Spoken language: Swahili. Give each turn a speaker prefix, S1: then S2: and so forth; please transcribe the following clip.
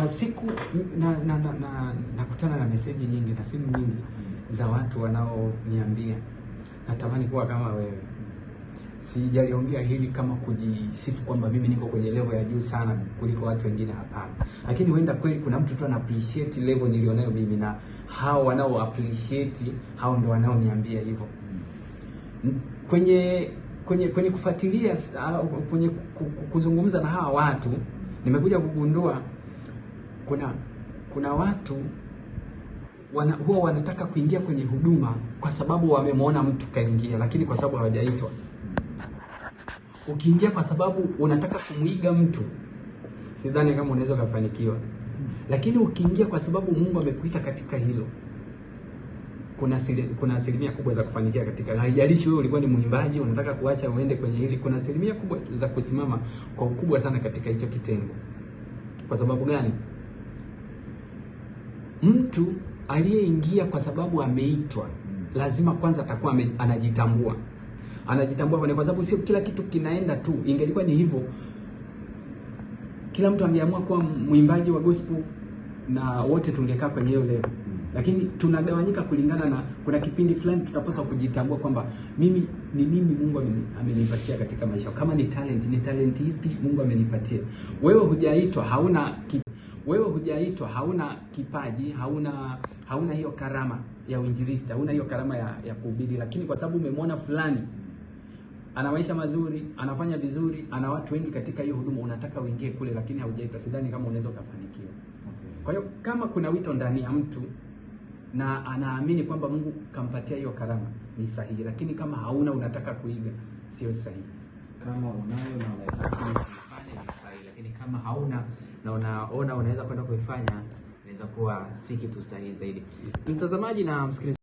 S1: kwa siku nakutana na, na, na, na, na meseji nyingi na simu nyingi za watu wanaoniambia natamani kuwa kama wewe. Sijaliongea hili kama kujisifu kwamba mimi niko kwenye level ya juu sana kuliko watu wengine, hapana. Lakini huenda kweli kuna mtu tu ana appreciate level nilionayo mimi, na hao wanao appreciate hao ndio wanaoniambia hivyo kwenye kwenye kwenye kufuatilia kwenye kuzungumza na hawa watu nimekuja kugundua kuna kuna watu wana, huwa wanataka kuingia kwenye huduma kwa sababu wamemwona mtu kaingia, lakini kwa sababu hawajaitwa. Ukiingia kwa sababu unataka kumwiga mtu, sidhani kama unaweza ukafanikiwa. Lakini ukiingia kwa sababu Mungu amekuita katika hilo, kuna siri, kuna asilimia kubwa za kufanikia katika, haijalishi wewe ulikuwa ni mwimbaji unataka kuacha uende kwenye hili, kuna asilimia kubwa za kusimama kwa ukubwa sana katika hicho kitengo. Kwa sababu gani? mtu aliyeingia kwa sababu ameitwa lazima kwanza atakuwa anajitambua, anajitambua kwa sababu sio kila kitu kinaenda tu. Ingelikuwa ni hivyo, kila mtu angeamua kuwa mwimbaji wa gospel na wote tungekaa kwenye hiyo leo lakini tunagawanyika kulingana na, kuna kipindi fulani tutapaswa kujitambua kwamba mimi ni nini Mungu amenipatia katika maisha. Kama ni talent, ni talent ipi Mungu amenipatia? Wewe hujaitwa, hauna wewe hujaitwa, hauna kipaji, hauna hauna hiyo karama ya uinjilisti, hauna hiyo karama ya, ya kuhubiri, lakini kwa sababu umemwona fulani ana maisha mazuri, anafanya vizuri, ana watu wengi katika hiyo huduma, unataka uingie kule, lakini haujaitwa, sidhani kama unaweza ukafanikiwa. Okay. Kwa hiyo kama kuna wito ndani ya mtu na anaamini kwamba Mungu kampatia hiyo karama, ni sahihi, lakini kama hauna, unataka kuiga, sio sahihi
S2: kama unayo na unaitaka kuifanya ni sahihi, lakini kama hauna na unaona unaweza kwenda kuifanya inaweza kuwa si kitu sahihi zaidi, mtazamaji na msikilizaji.